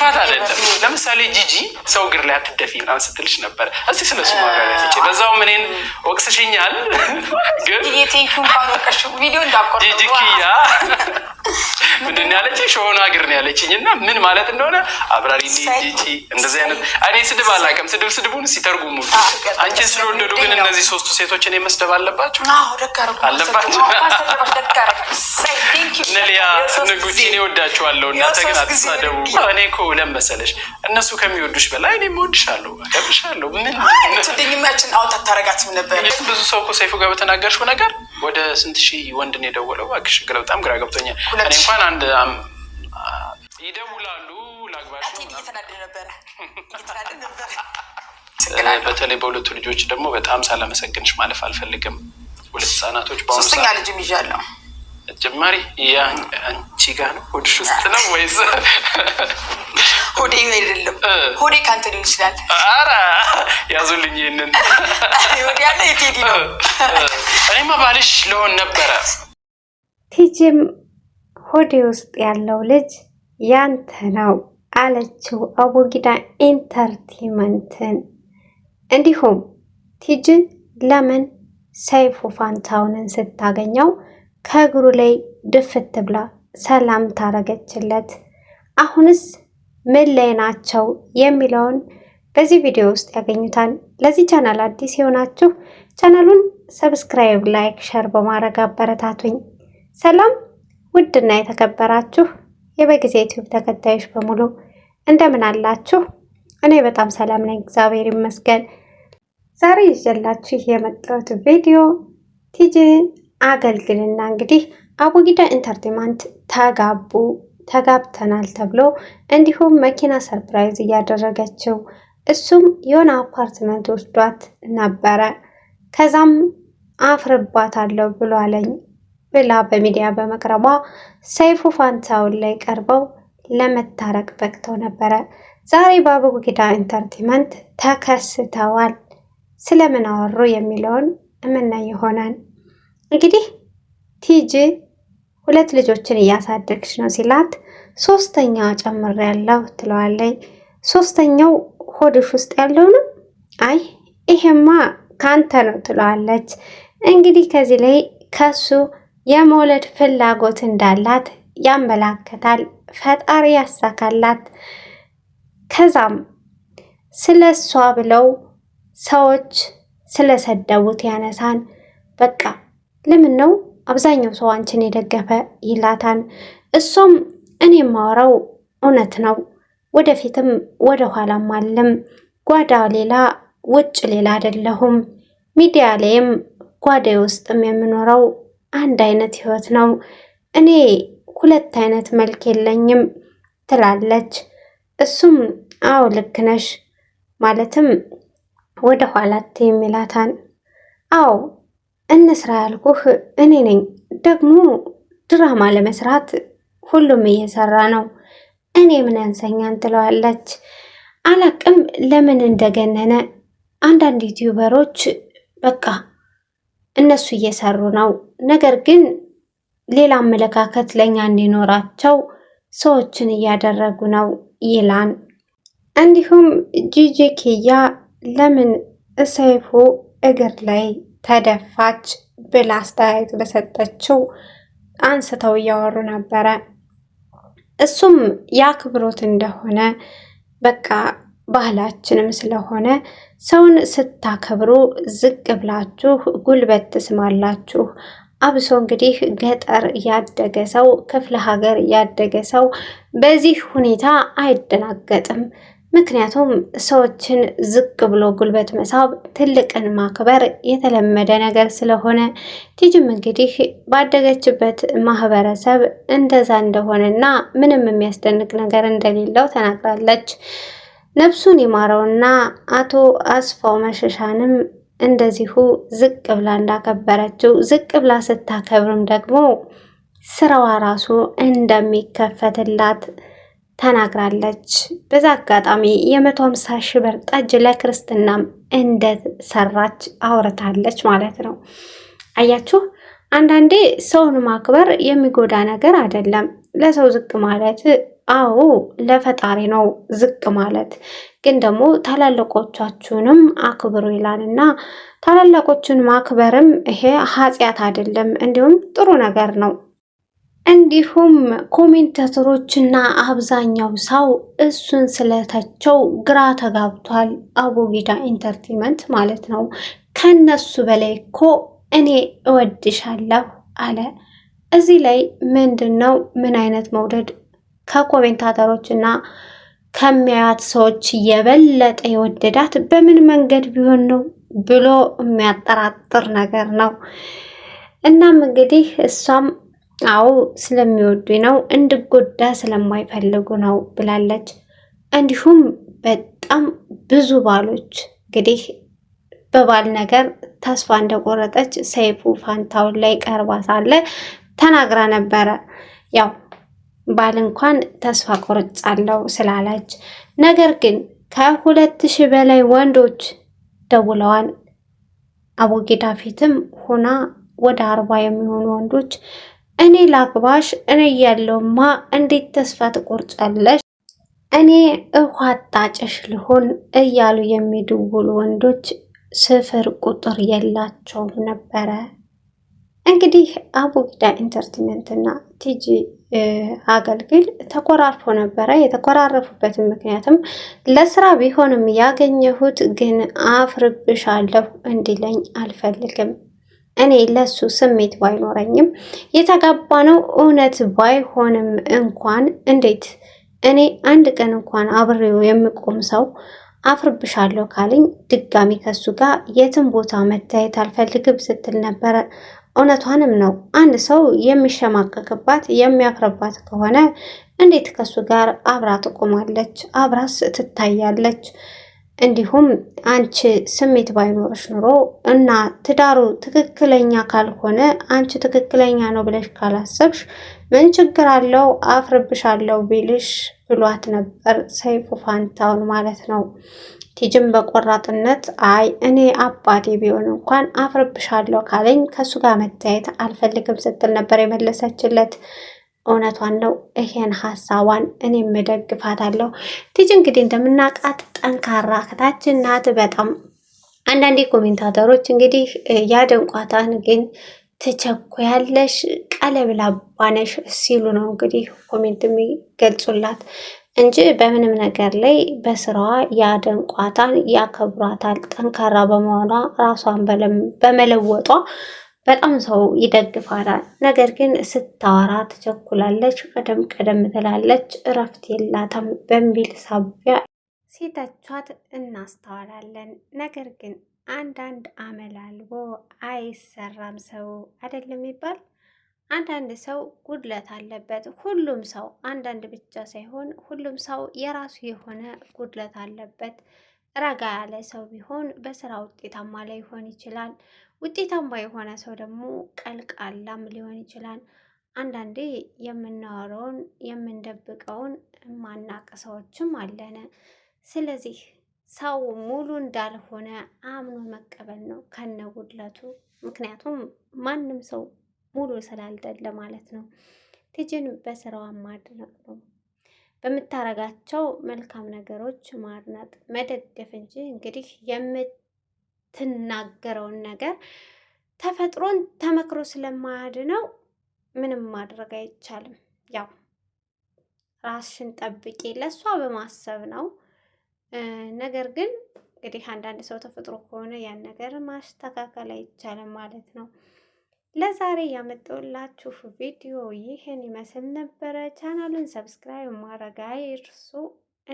መደፋት አይደለም። ለምሳሌ ጂጂ ሰው እግር ላይ አትደፊ ምናምን ስትልሽ ነበር። እስቲ ስለሱ እሱ በዛው ምንን ወቅስሽኛል፣ ግን ምንድን ያለች ሾሆኑ ሾሆና እግር ነው ያለችኝ እና ምን ማለት እንደሆነ አብራሪ ጂጂ። እንደዚህ አይነት እኔ ስድብ አላውቅም። ስድብ ስድቡን እስኪ ተርጉሙ። አንቺን ስለወደዱ ግን እነዚህ ሶስቱ ሴቶች እኔ መስደብ አለባቸው አለባቸው። እነ ሊያ ንጉቺን እወዳቸዋለሁ እናንተ ግን አትሳደቡ። እኔ እኮ ለምን መሰለሽ እነሱ ከሚወዱሽ በላይ እኔ እወድሻለሁ፣ አከብርሻለሁ። ምንደኝናችን አውጣ ታረጋትም ነበር። ብዙ ሰው እኮ ሰይፉ ጋር በተናገርሽው ነገር ወደ ስንት ሺህ ወንድ ነው የደወለው። እባክሽ ግራ በጣም ግራ ገብቶኛል። እኔ እንኳን አንድ ይደውላሉ ላግባሽ በተለይ በሁለቱ ልጆች ደግሞ በጣም ሳላመሰግንሽ ማለፍ አልፈልግም። ሁለት ህጻናቶች በአሁኑ ሶስተኛ ልጅም ይዣለሁ። ጀማሪ ያ አንቺ ጋ ነው ሆድሽ ውስጥ ነው ወይስ ሆዴ አይደለም ሆዴ ከአንተ ሊሆን ይችላል። ኧረ ያዙልኝ ይህንን ያለ የቴዲ ነው። እኔማ ባልሽ ልሆን ነበረ። ቲጂም ሆዴ ውስጥ ያለው ልጅ ያንተ ነው አለችው አቦጊዳ ኢንተርቴመንትን። እንዲሁም ቲጂ ለምን ሰይፉ ፋንታውንን ስታገኘው ከእግሩ ላይ ድፍት ብላ ሰላም ታረገችለት። አሁንስ ምን ላይ ናቸው የሚለውን በዚህ ቪዲዮ ውስጥ ያገኙታል። ለዚህ ቻናል አዲስ የሆናችሁ ቻናሉን ሰብስክራይብ፣ ላይክ፣ ሸር በማድረግ አበረታቱኝ። ሰላም ውድና የተከበራችሁ የበጊዜ ዩቲዩብ ተከታዮች በሙሉ እንደምን አላችሁ? እኔ በጣም ሰላም ነኝ፣ እግዚአብሔር ይመስገን። ዛሬ ይዤላችሁ የመጣሁት ቪዲዮ ቲጂ አገልግልና እንግዲህ አቡጊዳ ኢንተርቴንመንት ተጋቡ ተጋብተናል ተብሎ እንዲሁም መኪና ሰርፕራይዝ እያደረገችው እሱም የሆነ አፓርትመንት ወስዷት ነበረ። ከዛም አፍርባታለሁ ብሎ አለኝ ብላ በሚዲያ በመቅረቧ ሰይፉ ፋንታውን ላይ ቀርበው ለመታረቅ በቅተው ነበረ። ዛሬ በአቡጊዳ ኢንተርቴመንት ተከስተዋል። ስለምን አወሩ የሚለውን እምና ይሆናል እንግዲህ ቲጂ ሁለት ልጆችን እያሳደግሽ ነው ሲላት ሶስተኛ ያለው ትለዋለኝ። ሶስተኛው ሆድሽ ውስጥ ያለውንም አይ ይሄማ ካንተ ነው ትለዋለች። እንግዲህ ከዚህ ላይ ከሱ የመውለድ ፍላጎት እንዳላት ያመላከታል። ፈጣሪ ያሳካላት። ከዛም ስለ እሷ ብለው ሰዎች ስለሰደቡት ያነሳን። በቃ ለምን ነው አብዛኛው ሰው አንቺን የደገፈ ይላታል። እሷም እኔ የማወራው እውነት ነው፣ ወደፊትም ወደ ኋላም አለም፣ ጓዳ ሌላ ውጭ ሌላ አይደለሁም። ሚዲያ ላይም ጓዳ ውስጥም የምኖረው አንድ አይነት ህይወት ነው። እኔ ሁለት አይነት መልክ የለኝም ትላለች። እሱም አዎ ልክ ነሽ፣ ማለትም ወደ ኋላት የሚላታን አዎ እንስራ ያልኩህ እኔ ነኝ። ደግሞ ድራማ ለመስራት ሁሉም እየሰራ ነው። እኔ ምን ያንሰኛን ትለዋለች። አላቅም ለምን እንደገነነ። አንዳንድ ዩቲዩበሮች በቃ እነሱ እየሰሩ ነው፣ ነገር ግን ሌላ አመለካከት ለእኛ እንዲኖራቸው ሰዎችን እያደረጉ ነው ይላን እንዲሁም ጂጂ ኪያ ለምን እሰይፉ እግር ላይ ተደፋች ብላ አስተያየት በሰጠችው አንስተው እያወሩ ነበረ። እሱም የአክብሮት እንደሆነ በቃ ባህላችንም ስለሆነ ሰውን ስታከብሩ ዝቅ ብላችሁ ጉልበት ትስማላችሁ። አብሶ እንግዲህ ገጠር ያደገ ሰው ክፍለ ሀገር ያደገ ሰው በዚህ ሁኔታ አይደናገጥም። ምክንያቱም ሰዎችን ዝቅ ብሎ ጉልበት መሳብ ትልቅን ማክበር የተለመደ ነገር ስለሆነ ቲጅም እንግዲህ ባደገችበት ማህበረሰብ እንደዛ እንደሆነና ምንም የሚያስደንቅ ነገር እንደሌለው ተናግራለች። ነፍሱን ይማረውና አቶ አስፋው መሸሻንም እንደዚሁ ዝቅ ብላ እንዳከበረችው ዝቅ ብላ ስታከብርም ደግሞ ስራዋ ራሱ እንደሚከፈትላት ተናግራለች። በዛ አጋጣሚ የመቶ ሃምሳ ሺህ ብር ጠጅ ለክርስትናም እንደሰራች አውርታለች ማለት ነው። አያችሁ አንዳንዴ ሰውን ማክበር የሚጎዳ ነገር አይደለም። ለሰው ዝቅ ማለት አዎ ለፈጣሪ ነው ዝቅ ማለት። ግን ደግሞ ታላላቆቻችሁንም አክብሩ ይላልና ታላላቆችን ማክበርም ይሄ ኃጢአት አይደለም፣ እንዲሁም ጥሩ ነገር ነው። እንዲሁም ኮሜንታተሮችና አብዛኛው ሰው እሱን ስለተቸው ግራ ተጋብቷል። አቦጌዳ ኢንተርቴንመንት ማለት ነው። ከነሱ በላይ እኮ እኔ እወድሻለሁ አለ። እዚህ ላይ ምንድን ነው ምን አይነት መውደድ? ከኮሜንታተሮች እና ከሚያዩት ሰዎች የበለጠ የወደዳት በምን መንገድ ቢሆን ነው ብሎ የሚያጠራጥር ነገር ነው። እናም እንግዲህ እሷም አዎ ስለሚወዱ ነው፣ እንድጎዳ ስለማይፈልጉ ነው ብላለች። እንዲሁም በጣም ብዙ ባሎች እንግዲህ በባል ነገር ተስፋ እንደቆረጠች ሰይፉ ፋንታውን ላይ ቀርባ ሳለ ተናግራ ነበረ። ያው ባል እንኳን ተስፋ ቆርጫለው ስላለች፣ ነገር ግን ከሁለት ሺህ በላይ ወንዶች ደውለዋል። አቦጌዳ ፊትም ሆና ወደ አርባ የሚሆኑ ወንዶች እኔ ላግባሽ፣ እኔ እያለሁማ እንዴት ተስፋ ትቆርጫለሽ? እኔ ውሃ ጣጭሽ ልሆን እያሉ የሚደውሉ ወንዶች ስፍር ቁጥር የላቸውም ነበረ። እንግዲህ አቡጊዳ ኢንተርቴንመንት እና ቲጂ አገልግል ተኮራርፎ ነበረ። የተኮራረፉበትን ምክንያትም ለስራ ቢሆንም ያገኘሁት ግን አፍርብሻለሁ እንዲለኝ አልፈልግም እኔ ለሱ ስሜት ባይኖረኝም የተጋባ ነው እውነት ባይሆንም እንኳን እንዴት እኔ አንድ ቀን እንኳን አብሬው የምቆም ሰው አፍርብሻለሁ ካለኝ ድጋሚ ከሱ ጋር የትም ቦታ መታየት አልፈልግም ስትል ነበረ። እውነቷንም ነው። አንድ ሰው የሚሸማቀቅባት የሚያፍርባት ከሆነ እንዴት ከሱ ጋር አብራ ትቆማለች? አብራስ ትታያለች? እንዲሁም አንቺ ስሜት ባይኖርሽ ኑሮ እና ትዳሩ ትክክለኛ ካልሆነ አንቺ ትክክለኛ ነው ብለሽ ካላሰብሽ ምን ችግር አለው አለው ቢልሽ ብሏት ነበር ሰይፉ ፋንታውን ማለት ነው። ቲጅም በቆራጥነት አይ እኔ አባቴ ቢሆን እንኳን አፍርብሻለሁ ካለኝ ከእሱ ጋር መታየት አልፈልግም ስትል ነበር የመለሰችለት። እውነቷን ነው። ይሄን ሀሳቧን እኔም እደግፋታለሁ። ትጅ እንግዲህ እንደምናቃት ጠንካራ ከታች ናት። በጣም አንዳንዴ ኮሜንታተሮች እንግዲህ ያደንቋታን ግን ትቸኩያለሽ፣ ቀለብላ ባነሽ ሲሉ ነው እንግዲህ ኮሜንት የሚገልጹላት እንጂ በምንም ነገር ላይ በስራዋ ያደንቋታን፣ ያከብሯታል። ጠንካራ በመሆኗ ራሷን በመለወጧ በጣም ሰው ይደግፋታል። ነገር ግን ስታወራ ትቸኩላለች፣ ቀደም ቀደም ትላለች፣ እረፍት የላትም በሚል ሳቢያ ሴታቿት እናስተዋላለን። ነገር ግን አንዳንድ አመላልቦ አይሰራም ሰው አይደለም ይባል አንዳንድ ሰው ጉድለት አለበት። ሁሉም ሰው አንዳንድ ብቻ ሳይሆን ሁሉም ሰው የራሱ የሆነ ጉድለት አለበት። ረጋ ያለ ሰው ቢሆን በስራ ውጤታማ ላይ ሆን ይችላል። ውጤታማ የሆነ ሰው ደግሞ ቀልቃላም ሊሆን ይችላል። አንዳንዴ የምናወራውን የምንደብቀውን ማናቅ ሰዎችም አለን። ስለዚህ ሰው ሙሉ እንዳልሆነ አምኖ መቀበል ነው ጉድለቱ። ምክንያቱም ማንም ሰው ሙሉ ስላልደለ ማለት ነው። ትጅን በስራዋ ማድነቅ ነው በምታረጋቸው መልካም ነገሮች ማድነቅ መደገፍ እንጂ እንግዲህ የምት የምትናገረውን ነገር ተፈጥሮን ተመክሮ ስለማያድነው ምንም ማድረግ አይቻልም። ያው ራስሽን ጠብቂ፣ ለእሷ በማሰብ ነው። ነገር ግን እንግዲህ አንዳንድ ሰው ተፈጥሮ ከሆነ ያን ነገር ማስተካከል አይቻልም ማለት ነው። ለዛሬ ያመጣሁላችሁ ቪዲዮ ይህን ይመስል ነበረ። ቻናሉን ሰብስክራይብ ማድረግ አይርሱ፣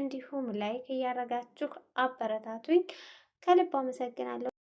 እንዲሁም ላይክ እያደረጋችሁ አበረታቱኝ። ¿Qué le podemos hacer